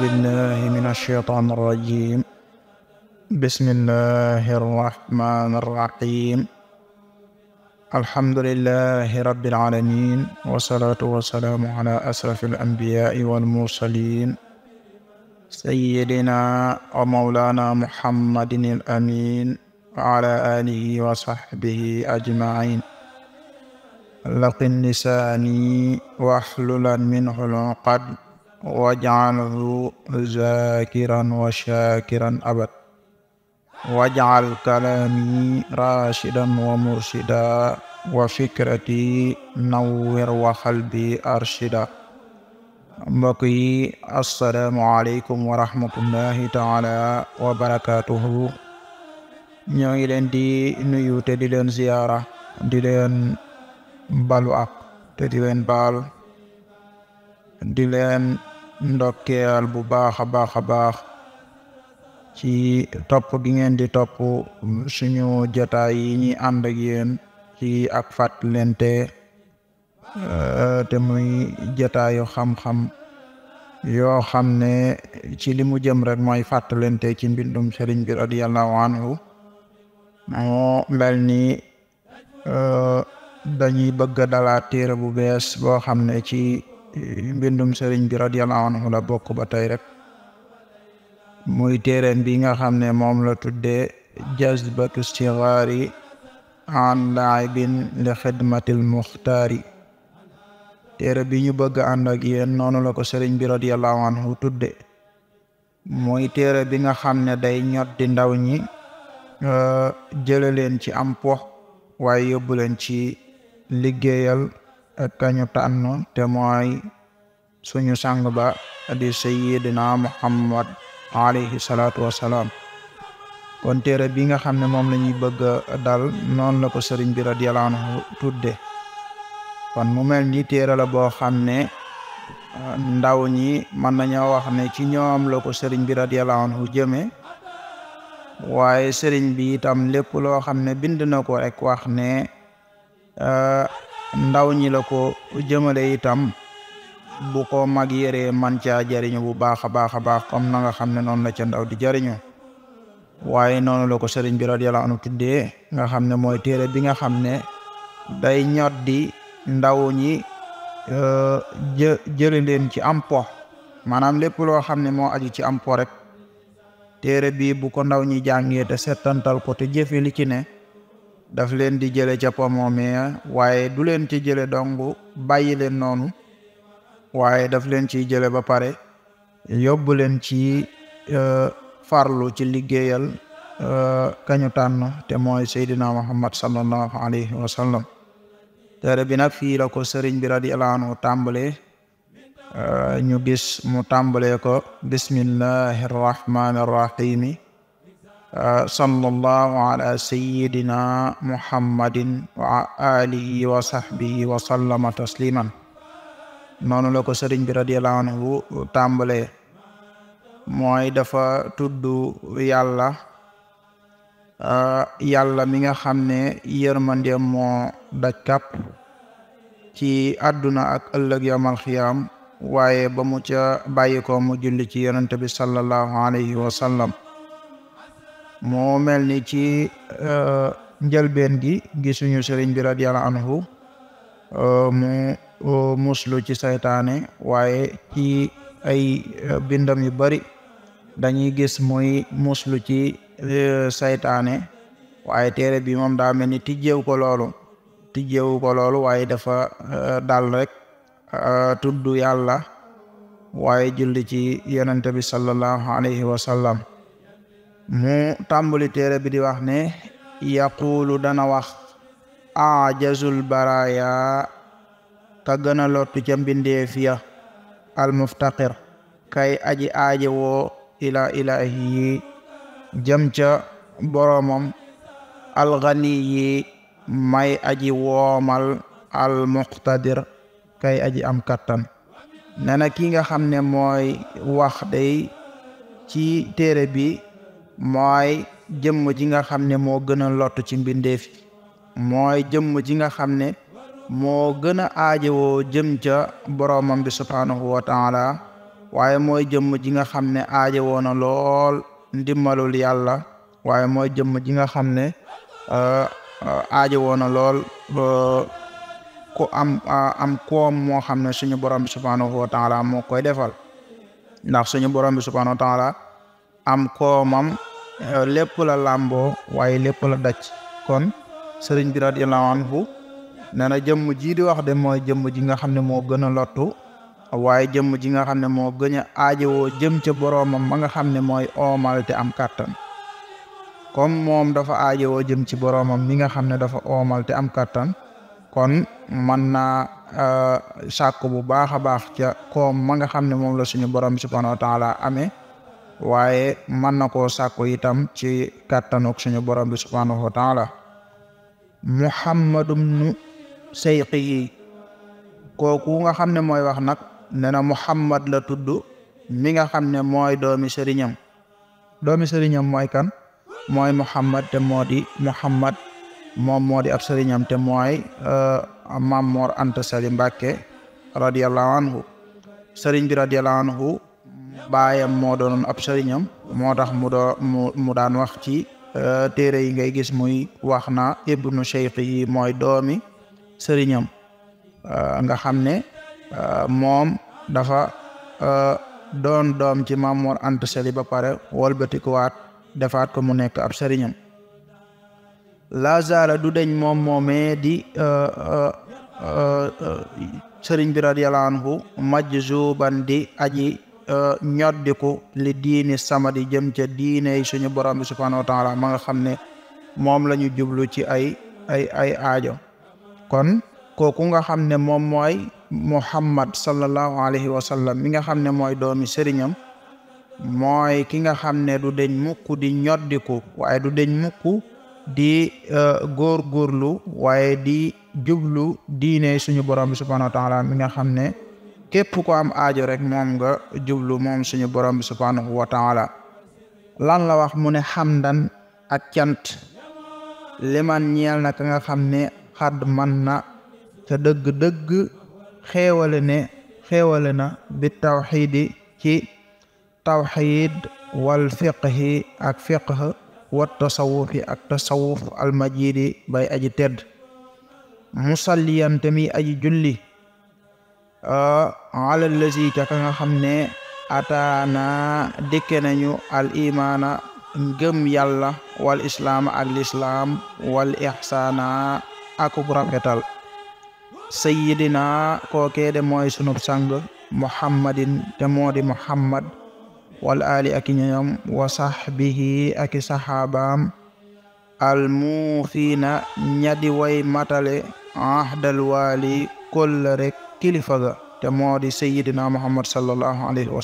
بالله من الشيطان الرجيم بسم الله الرحمن الرحيم الحمد لله رب العالمين والصلاة والسلام على أسرف الأنبياء والمرسلين sayyidina wa mawlana muhammadin al amin wa ala alihi wa sahbihi ajmain laqin lisaani waxlulan minhu al-uqad waj'alhu zakiran wa shakiran abad waj'al kalaami rashidan wa murshida wa fikrati nawwir wa qalbi arshida mbokk yi asalaamualeykum wa rahmatullahi taala wa barakaatuhu ñoo ngi leen di nuyu te di leen ziyaara di leen balu ak te di leen baal di leen ndokkeel bu baax a baax a baax ci topp gi ngeen di topp suñu jotaay yi ñi ànd ak yéen ci ak fàttalente Euh, te muy jataayu xam-xam yoo xam ne ci limu jëm rek mooy fàttalante ci mbindum sëriñ bi radiyallahu anhu moo mel ni euh, dañuy bëgg a dalaat téere bu bees boo xam ne ci eh, mbindum sëriñ bi radiyallahu anhu la bokk ba tey rek muy téereem bi nga xam ne moom la tuddee jazbatu sigaari an laibin li xidmatil muxtaari téere bi ñu bëgg ànd ak yéen noonu la ko sëriñ bi radiyallahu anhu tudde mooy téere bi nga xam ne day ñot di ndaw ñi euh, jële leen ci am po waaye yóbbu leen ci liggéeyal kañu tànn te mooy suñu sang ba di sayyidina muhammad alayhi salaatu wasalaam kon téere bi nga xam ne moom la ñuy bëgg dal noonu la ko sëriñ bi radiyallahu tudde kon mu mel ni téere la boo xam ne euh, ndaw ñi mën nañoo wax ne ci ñoom la ko sëriñ bi radiyallahu anhu jëme waaye sëriñ bi itam lépp loo xam ne bind na ko rek wax ne euh, ndaw ñi la ko jëmale itam bu ko mag yëree man caa jariñu bu baax a baax a baax comme na nga xam ne noonu la ca ndaw di jariñu waaye noonu la ko sëriñ bi radiyallahu anhu tuddee nga xam ne mooy téere bi nga xam ne day ñot ndaw ñi euh, jë jële leen ci ampo po maanaam lépp loo xam ne moo aju ci ampo rek téere bii bu ko ndaw ñi jàngee te settantal ko te jëfe li ci ne daf leen di jële ca po moomee waaye du leen ci jële dong bàyyi leen noonu waaye daf leen ciy jële ba pare yóbbu leen ci euh, farlu ci liggéeyal euh, kañu tànn te mooy Seydina Muhammad sallallahu alayhi wa sallam téere bi nag fii la ko sëriñ bi radiyallahu anhu tàmbalee euh, ñu gis mu tàmbalee ko bismillahi rrahmani rrahimi euh, sallallahu ala sayyidina muhammadin wa alihi wa sahbihi wa sallama tasliman noonu la ko sëriñ bi radiyallahu anhu tàmbalee mooy dafa tudd yàlla euh, yàlla mi nga xam ne yërmandeem moo daj ci àdduna ak ëllëg yawmal xiyaam waaye ba mu ca bàyyi mu julli ci yonente bi sallallahu alayhi wa sallam mel ni ci euh, njëlbeen gi gisuñu sëriñ bi radiyallahu anhu euh, euh, muslu ci saytaane waaye ci ay bindam yu bari dañuy gis muy muslu ci saytaane waaye téere bi moom daa mel ni tijjeew ko loolu tijjeewu ko loolu waaye dafa eh, dal rek eh, tudd yàlla waaye julli ci yonente bi sallallahu alayhi wa mu tàmbali téere bi di wax ne yaquulu dana wax ajazul baraya ka gën a lottu ca mbindeef ya al kay aji aaje woo ila yi jëm ca boromam yi may aji woomal al muqtadir kay aji am kattan nee na ki nga xam ne mooy wax day ci téere bi mooy jëmm ji nga xam ne moo gën a lott ci mbindeef mooy jëmm ji nga xam ne moo gën a aajowoo jëm ca boroomam bi subhaanahu wa taala waaye mooy jëmm ji nga xam ne aajowoo na lool ndimbalul yàlla waaye mooy jëmm ji nga xam ne euh, Euh, aaji woona lool ku am euh, am koom moo xam ne suñu borom bi subhaanahu wa taala moo koy defal ndax suñu borom bi subhaanahu wa taala am koomam euh, lépp la làmboo waaye lépp la daj kon sëriñ bi radiyallahu anhu nee na jëmm jii di wax de mooy jëmm ji nga xam ne moo gën a lottu waaye jëmm ji nga xam ne moo gën a aajowoo jëm ca boroomam ma nga xam ne mooy oomal te am kàttan comme moom dafa aajowoo jëm ci boroomam mi nga xam ne dafa oomal te am kàttan kon mën naa euh, sàkku bu baax a baax ca koom ma nga xam ne moom la suñu borom bi subhaanahu wa taala amee waaye mën na koo sàkku yitam ci kàttanuk suñu borom bi subhaanahu wa taala muhammadum nu seyqi yi kooku nga xam ne mooy wax nag ne na muhammad la tudd mi nga xam ne mooy doomi sëriñam doomi sëriñam mooy kan mooy Muhammad te moo di Muhammad moom moo di ab sëriñam te mooy uh, Maam Moor Anta Sali Mbàkke radiallahu anhu sëriñ bi radiallahu anhu baayam moo doonoon ab sëriñam moo tax mu daan wax ci uh, téere yi ngay gis muy wax na ibnu cheikh yi mooy doomi sëriñam uh, nga xam ne moom dafa doon doom ci Maam Moor Anta ba pare wëlbatikuwaat defaat ko mu nekk ab sëriñam lazala du deñ moom moomee di euh, euh, euh, sëriñ bi radiyallahu anhu majzuban di aji ñoddiku li diini samadi jëm ca diiney suñu borom bi subhanahu wa taala ma nga xam ne moom la ñu jublu ci ay ay ay aajo kon kooku nga xam ne moom mooy muhammad sallallahu alayhi wa sallam mi nga xam ne mooy doomi sëriñam mooy ki nga xam ne du deñ mukk di ñoddiku waaye du deñ mukk di euh, góorlu waaye di jublu diine suñu borom bi subhanahu wa taala mi nga xam ne képp ko am aajo rek moom nga jublu moom suñu borom bi subhanahu wa taala lan la wax mu ne xamdan ak cant liman ñeel na ka nga xam ne xadd man na te dëgg-dëgg xeewale ne xeewale na bi tawxiidi ci tawxiid wal fiqhi ak fiqh wa tasawufi ak tasawuf almajidi bay aji tedd musalliyan mi aji julli ala lazi ca nga xam ne ataana dikke nañu al imaana ngëm yàlla wal islaam ak lislaam wal ixsaana akuk rafetal sayidina kookee de mooy sunub sang muhammadin te moo di muhammad wal aali ak ñoñam wa sahbihi ak saxaabaam na ñadi way matale ahdal waali kolla rek kilifa ga te moo di sayidina muhammad sallallahu alayhi wa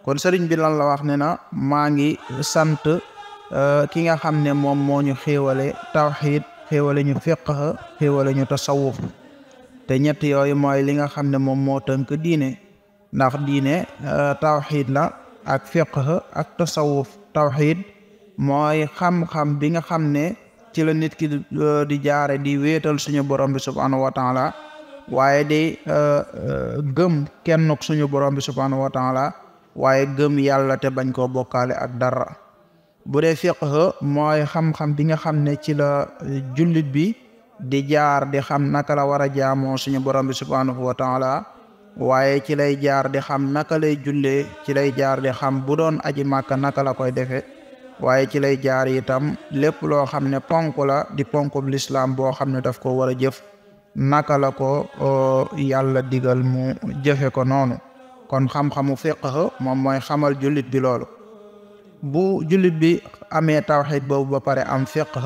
kon sëriñ bi lan la wax ne na maa ngi sant euh, ki nga xam ne moom moo ñu xéewale tawxid xéewale ñu fiqh xéewale ñu tasawuf te ñett yooyu mooy li nga xam ne moom moo tënk diine ndax diine euh, tawxiit la ak fiqh ak tasawuf tawxiid mooy xam-xam bi nga xam ne ci la nit ki euh, di jaare di wéetal suñu borom bi subhaanahu wa taala waaye di euh, gëm kennuk suñu borom bi subhaanahu wa taala waaye gëm yàlla te bañ koo bokkaale ak dara bu dee fiqh mooy xam-xam bi nga xam ne ci la jullit bi di jaar di xam naka la war a jaamoo suñu borom bi subhaanahu wa taala waaye ci lay jaar di xam naka lay jullee ci lay jaar di xam bu doon aji màkka naka la koy defee waaye ci lay jaar itam lépp loo xam ne ponk la di ponkub lislaam boo xam ne daf ko war a jëf naka la ko yàlla digal mu jëfe ko noonu kon xam-xamu fiqh moom mooy xamal jullit bi loolu bu julit bi amee tawxid boobu ba pare am fiqh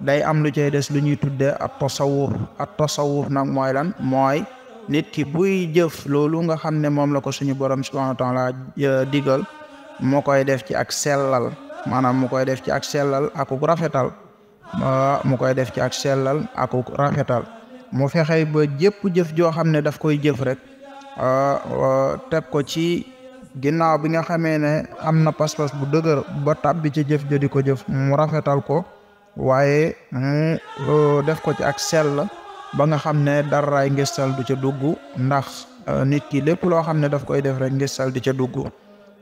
day am lu cay des lu ñuy tudde at tasawuf at tasawuf nag mooy lan mooy nit ki buy jëf loolu nga xam ne moom la ko suñu borom subhanahu wa taala digal mu koy def ci ak sellal maanaam mu koy def ci ak sellal akuk rafetal mu koy def ci ak sellal akuk rafetal mu fexey ba jëpp jëf joo xam ne daf koy jëf rek teg ko ci ginnaaw bi nga xamee ne am na pas-pas bu dëgër ba tàbbi ci jëf ja di ko jëf mu rafetal ko waaye mu def ko ci ak sell ba nga xam ne daraay ngistal du ca dugg ndax euh, nit ki lépp loo xam ne daf koy def rek ngistal di ca dugg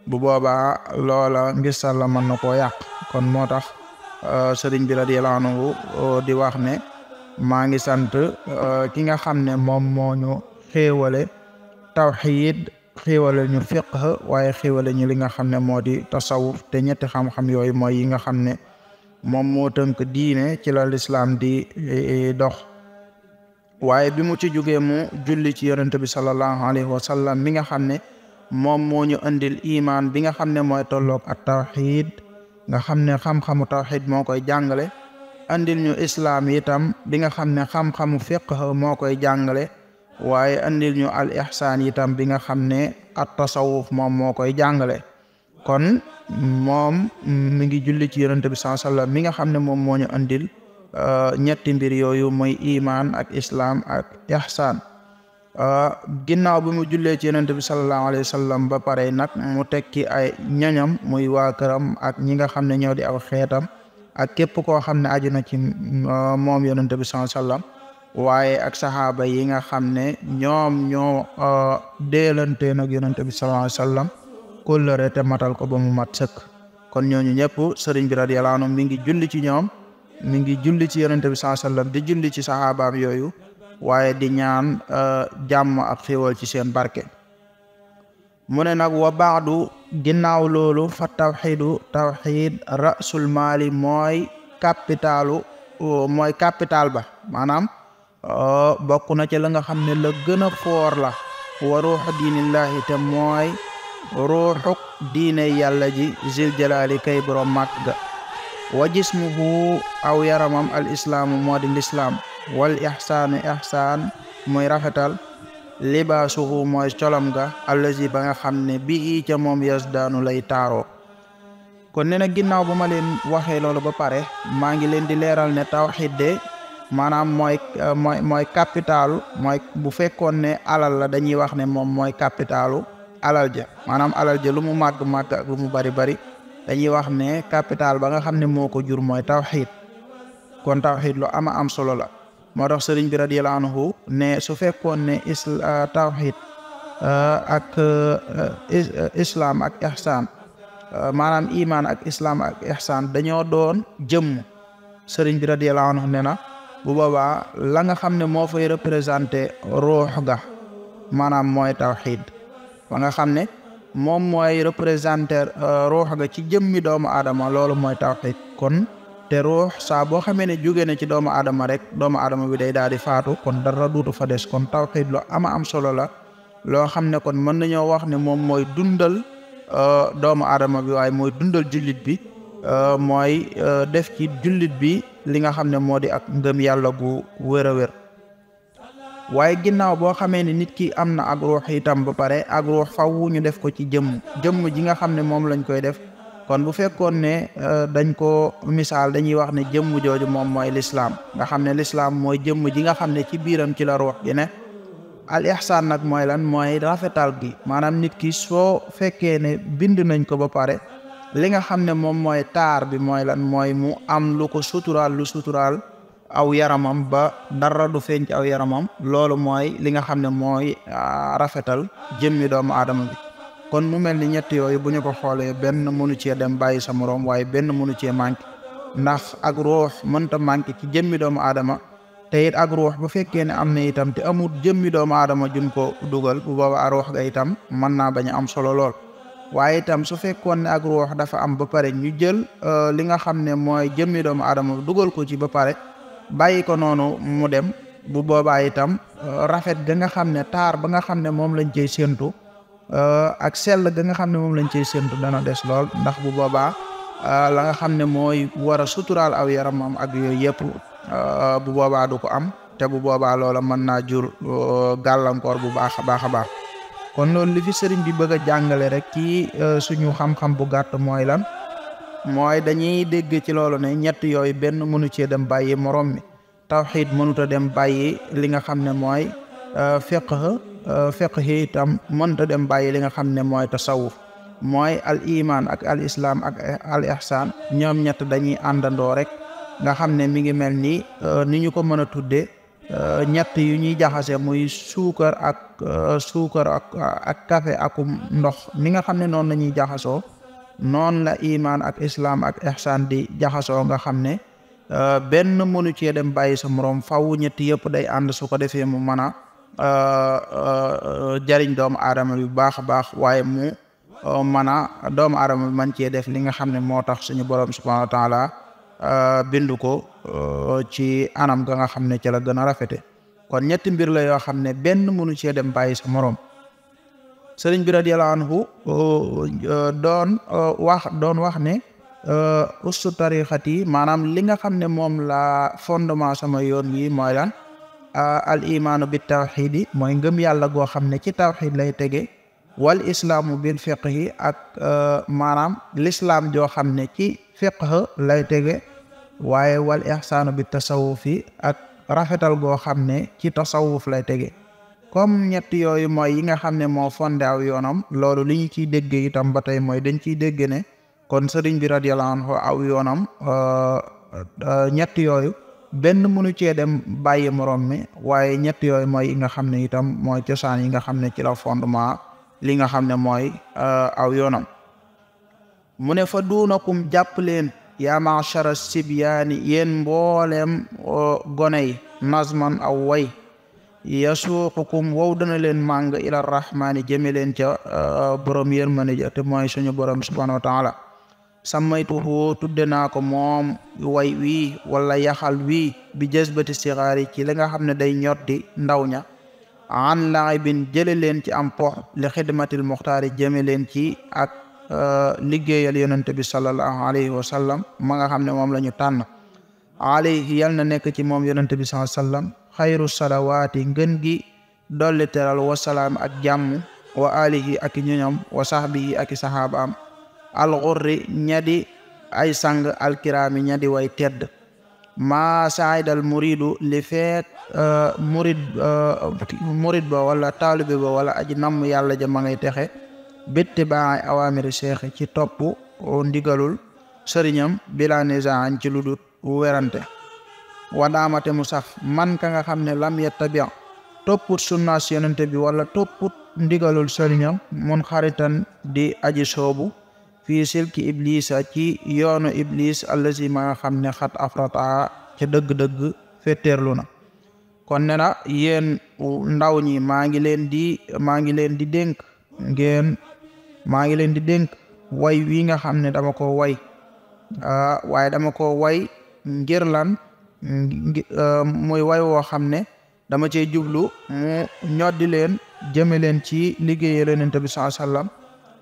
bu boobaa loola ngistal la mën na koo yàq kon moo tax euh, sëriñ bi radiyallahu anhu euh, di wax ne maa ngi sant ki nga xam ne moom moo ñu xéewale tawxiid xéewale ñu fiqh waaye xéewale li nga xam ne moo di tasawuf te ñetti xam yooyu mooy yi nga xam ne moom moo tënk diine ci la lislaam di e, e, dox waaye bi mu ci jógee mu julli ci yonent bi sallallahu alayhi wa sallam mi nga xam ne moom moo ñu indil imaan bi nga xam ne mooy tolloog ak tawxid nga xam ne xam-xamu tawxid moo koy jàngale andil ñu islaam itam bi nga xam ne xam-xamu fiqh moo koy jàngale waaye andil ñu al itam bi nga xam ne at koy jàngale kon moom mi ngi julli ci yonent bi sallallahu mi nga xam ne moom moo ñu andil Euh, ñetti mbir yooyu muy imaan ak islaam ak ihsaan euh, ginnaaw bi mu jullee ci yonent bi sallallahu wa sallam ba pare nag mu tekki ay ñañam muy waa këram ak ñi nga xam ne ñoo di aw xeetam ak képp koo xam ne aju na ci euh, moom yonent bi sallallahu wa sallam waaye ak saxaaba yi nga xam ne ñoom ñoo deelantee nag yonent bi sallallahu alayhi wa sallam te matal ko ba mu mat sëkk kon ñooñu ñëpp sëriñ bi radiyallahu anhu mi ngi julli ci ñoom mi ngi julli ci yonente bi saa sallam di julli ci saxaabaam yooyu waaye di ñaan uh, jàmm ak xéewal ci seen barke mu ne nag wa baadu ginnaaw loolu fa tawxidu tawxid rasul maali mooy capitalu uh, mooy capital ba maanaam uh, bokk na ci la nga xam ne la gën a foor la wa ruuxu diinillahi te mooy ruuxuk diine yàlla ji zil jalaali kay borom ga wa jismuhu aw yaramam al islaamu moo di lislaam wal ixsaanu ixsaan mooy rafetal libaasuhu mooy colom ga allazi ba nga xam ne bi i moom yas daanu lay taaroo kon nee na ginnaaw ba ma leen waxee loolu ba pare maa ngi leen di leeral ne tawxiid de maanaam mooy mooy mooy mooy bu fekkoon ne alal la dañuy wax ne moom mooy capitalu alal ja maanaam alal ja lu mu màgg màgg ak lu mu bari bari dañuy wax ne capital ba nga xam ne moo ko jur mooy tawxiid kon tawxiid lu ama am solo la moo tax sëriñ bi radiyallahu anhu ne su fekkoon ne isla uh, uh, ak uh, islam ak ihsaan maanaam imaan ak islaam ak ihsaan dañoo doon jëmm sëriñ bi radiyallahu ne na bu boobaa la nga xam ne moo fay représenté ruux ga maanaam mooy tawxiid ba nga xam ne moom mooy représenter euh, ruux nga ci jëmmi doomu aadama loolu mooy tawxid kon te ruux saa boo xamee ne jugee na ci doomu adama rek doomu adama bi day daal di faatu kon dara duutu fa des kon tawxid lu ama am solo la loo xam ne kon mën nañoo wax ne moom mooy dundal euh, doomu aadama bi waaye mooy dundal jullit bi euh, mooy def ci jullit bi li nga xam ne moo di ak ngëm yàlla gu wér a wér waaye ginnaaw boo xamee ne nit ki am na ak ruux itam ba pare ak ruux wu ñu def ko ci jëmm jëmm ji nga xam ne moom lañ koy def kon bu fekkoon ne euh, dañ ko misaal dañuy wax ne jëmm jooju moom mooy lislaam nga xam ne lislaam mooy jëmm ji nga xam ne ci biiram ci la ruux gi ne al ihsaan nag mooy lan mooy rafetal gi maanaam nit ki soo fekkee ne bind nañ ko ba pare li nga xam ne moom mooy taar bi mooy lan mooy mu am lu ko suturaal lu suturaal aw yaramam ba dara du feeñ ci aw yaramam loolu mooy li nga xam ne mooy ah, rafetal jëmmi doomu aadama kon mu mel ni ñett yooyu bu ñu ko xoolee benn mënu cee dem bàyyi sa moroom waaye benn mënu cee manqué ndax ak ruux manqué ci jëmmi doomu aadama te it ak bu fekkee ne am na itam te amul jëmmi doomu aadama jun ko dugal bu boobaa ruux ga itam mën naa bañ a am solo lool waaye itam su fekkoon ne ak ruux dafa am ba pare ñu jël euh, li nga xam ne mooy jëmmi doomu aadama dugal ko ci ba pare bàyyi ko noonu mu dem bu boobaa itam euh, rafet ga nga xam ne taar ba nga xam ne moom lañ cey séentu euh, ak sell ga nga xam ne moom lañ cey séentu dana des lool ndax bu boobaa euh, la nga xam ne mooy war a suturaal aw yaramam ak yooyu yëpp bu boobaa du ko am te bu boobaa loola mën naa jur gàllankoor bu baax a baax a baax kon loolu li fi sëriñ bi bëgg a jàngale rek ci suñu xam-xam bu gàtt mooy lan mooy dañuy dégg ci loolu ne ñett yooyu benn mënu cee dem bàyyi morom mi tawxiid mënuta dem bàyyi li nga xam ne mooy euh, fiqh euh, fiqh itam mënuta dem bàyyi li nga xam ne mooy tasawuf mooy al iimaan ak al islaam ak eh, al ihsan ñoom ñett dañuy àndandoo rek nga xam ne mi ngi mel nii euh, ni ñu ko mën a tuddee ñett yu ñuy jaxase muy suukar ak suukar ak ak café akum ndox mi nga xam ne noonu la ñuy jaxasoo noonu la imaan ak islaam ak ihsaan di jaxasoo nga xam ne euh, benn mënu cee dem bàyyi sa moroom faw ñett yëpp day ànd su ko defee mu mën a euh, euh, jariñ doomu aadama bi baax baax waaye mu mën a doomu aadama bi man cee def li nga xam ne moo tax suñu borom subhaanahu wa taala bindu ko ci anam ga nga xam ne ca la gën a rafete kon ñetti mbir la yoo xam ne benn mënu cee dem bàyyi sa moroom sëriñ bi radiyallahu anhu uh, uh, doon uh, wax doon wax ne ussu yi maanaam li nga xam ne moom la fondement sama yoon yi mooy lan al imaanu bi tawxiidi mooy ngëm yàlla goo xam ne ci tawxiid lay tege wal islaamu bil fiqhi ak maanaam l'islaam joo xam ne ci fiqh lay tege waaye wal ihsaanu bi tasawufi ak rafetal goo xam ne ci tasawuf lay tege comme ñett yooyu mooy yi nga xam ne moo fondé aw yoonam loolu li ñu ciy déggee itam ba tey mooy dañ ciy dégg ne kon sëriñ bi radiyallahu anhu aw yoonam euh, euh, ñett yooyu benn mënu cee dem bàyyi moroom mi waaye ñett yooyu mooy yi nga xam ne itam mooy cosaan yi nga xam ne ci la fondement li nga xam ne mooy euh, aw yoonam mu ne fa duunakum jàpp leen yaa ma'shara sibyaani yéen mbooleem gone yi man aw way yasuuqukum wow dana leen màng ila rahmaani jëme leen ca uh, borom yërmande ja te mooy suñu borom subhanahu wa taala sammaytuhu tudde naa ko moom way wii wala yaxal wii bi jësbati sixaari ci la nga xam ne day ñotti ndaw ña an laay bin jële leen ci am pox li xidmatil muxtaari jëme leen ci ak uh, liggéeyal yonente bi sallallahu alayhi wa ma nga xam ne moom la ñu tànn alayhi yal na nekk ci moom yonente bi sallallahu xayru salawaati ngën gi dolli teral wasalaam ak jàmm wa alihi ak ñoñom wa sahbihi ak sahabaam alxurri ñadi ay sang alkiraami ñadi way tedd maa saidal muridu li feet euh, euh, murid ba wala taalibe ba wala aji namm yàlla ja ma texe bitti baay awamiri seex ci topp ndigalul sëriñam bila nisaan ci lu werante wa daamate mu sax man ka nga xam ne lam yattabi topput sunnaas yonente bi wala topput ndigalul sëriñam mun xaritan di aji soobu fii silki iblisa ci yoonu iblis allazi ma nga xam ne xat afrata ca dëgg-dëgg fetteerlu na kon ne na yéen ndaw ñi maa ngi leen di maa ngi leen di dénk ngeen maa ngi leen di dénk way wi nga xam ne dama ko way ah, waaye dama ko way ngir Euh, muy way woo xam ne dama cee jublu mu ñoddi leen jëme leen ci liggéeyal yonent bi saa sallam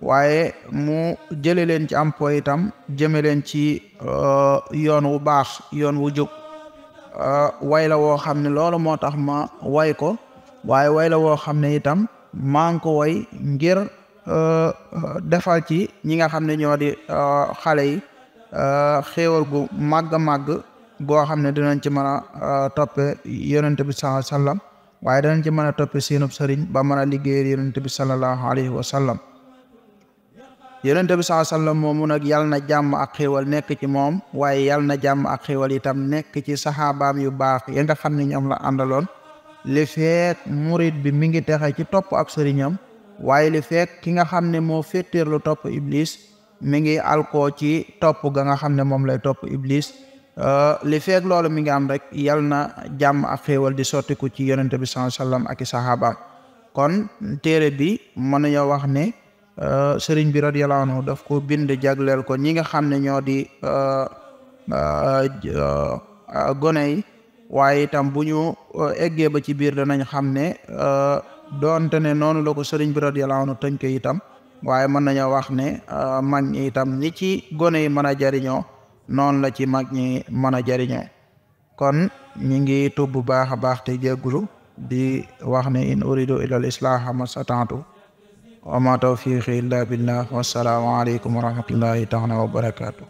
waaye mu jële leen ci am po itam jëme leen ci euh, yoon wu baax yoon wu jub euh, way la woo xam ne loolu moo tax ma way ko waaye way la woo xam ne itam maa ngi ko way ngir defal ci ñi nga xam ne ñoo di xale yi xéewal gu màgg màgg goo xam ne dinañ ci mën a euh, toppe yonente bi sallallahu waaye danañ ci mën a toppe seenub sëriñ ba mën a liggéeyal yonente bi sallallahu alayhi wa sallam yonente bi sallallahu alayhi wa sallam na jàmm ak xéewal nekk ci moom waaye yal na jàmm ak xéewal itam nekk ci saxaabaam yu baax ya nga xam ne ñoom la àndaloon li feek murid bi mi ngi texe ci topp ab sëriñam waaye li feek ki nga xam ne moo féeteer lu topp iblis mi ngi alkoo ci topp ga nga xam ne moom lay topp iblis Euh, li feeg loolu mi ngi am rek yal na jàmm ak xéewal di sottiku ci yonente bi sallallahu alayhi ak i saxaabaam kon téere bi mën nañoo wax ne euh, sëriñ bi radiyallahu anhu daf ko bind jagleel ko ñi nga xam ne ñoo di euh, gone yi waaye itam bu ñu eggee ba ci biir danañ xam ne doonte ne noonu la ko sëriñ bi radiyallahu anhu ko itam waaye mën nañoo wax ne mag ñi itam ni ci gone yi mën a jariñoo noonu la ci mag ñi mën a jariñoo kon ñi ngi tubb bu baax a baax te jéggulu di wax ne in uridu ilal a mastata'tu wa ma tawfiqi illa billah wassalaamu aleykum wa rahmatullahi taala wa barakaatu